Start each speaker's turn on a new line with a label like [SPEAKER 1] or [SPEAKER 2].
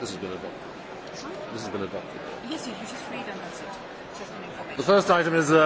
[SPEAKER 1] this has been a book. This has been a book.
[SPEAKER 2] Yes, it uses freedom as it.
[SPEAKER 1] The first item is. Uh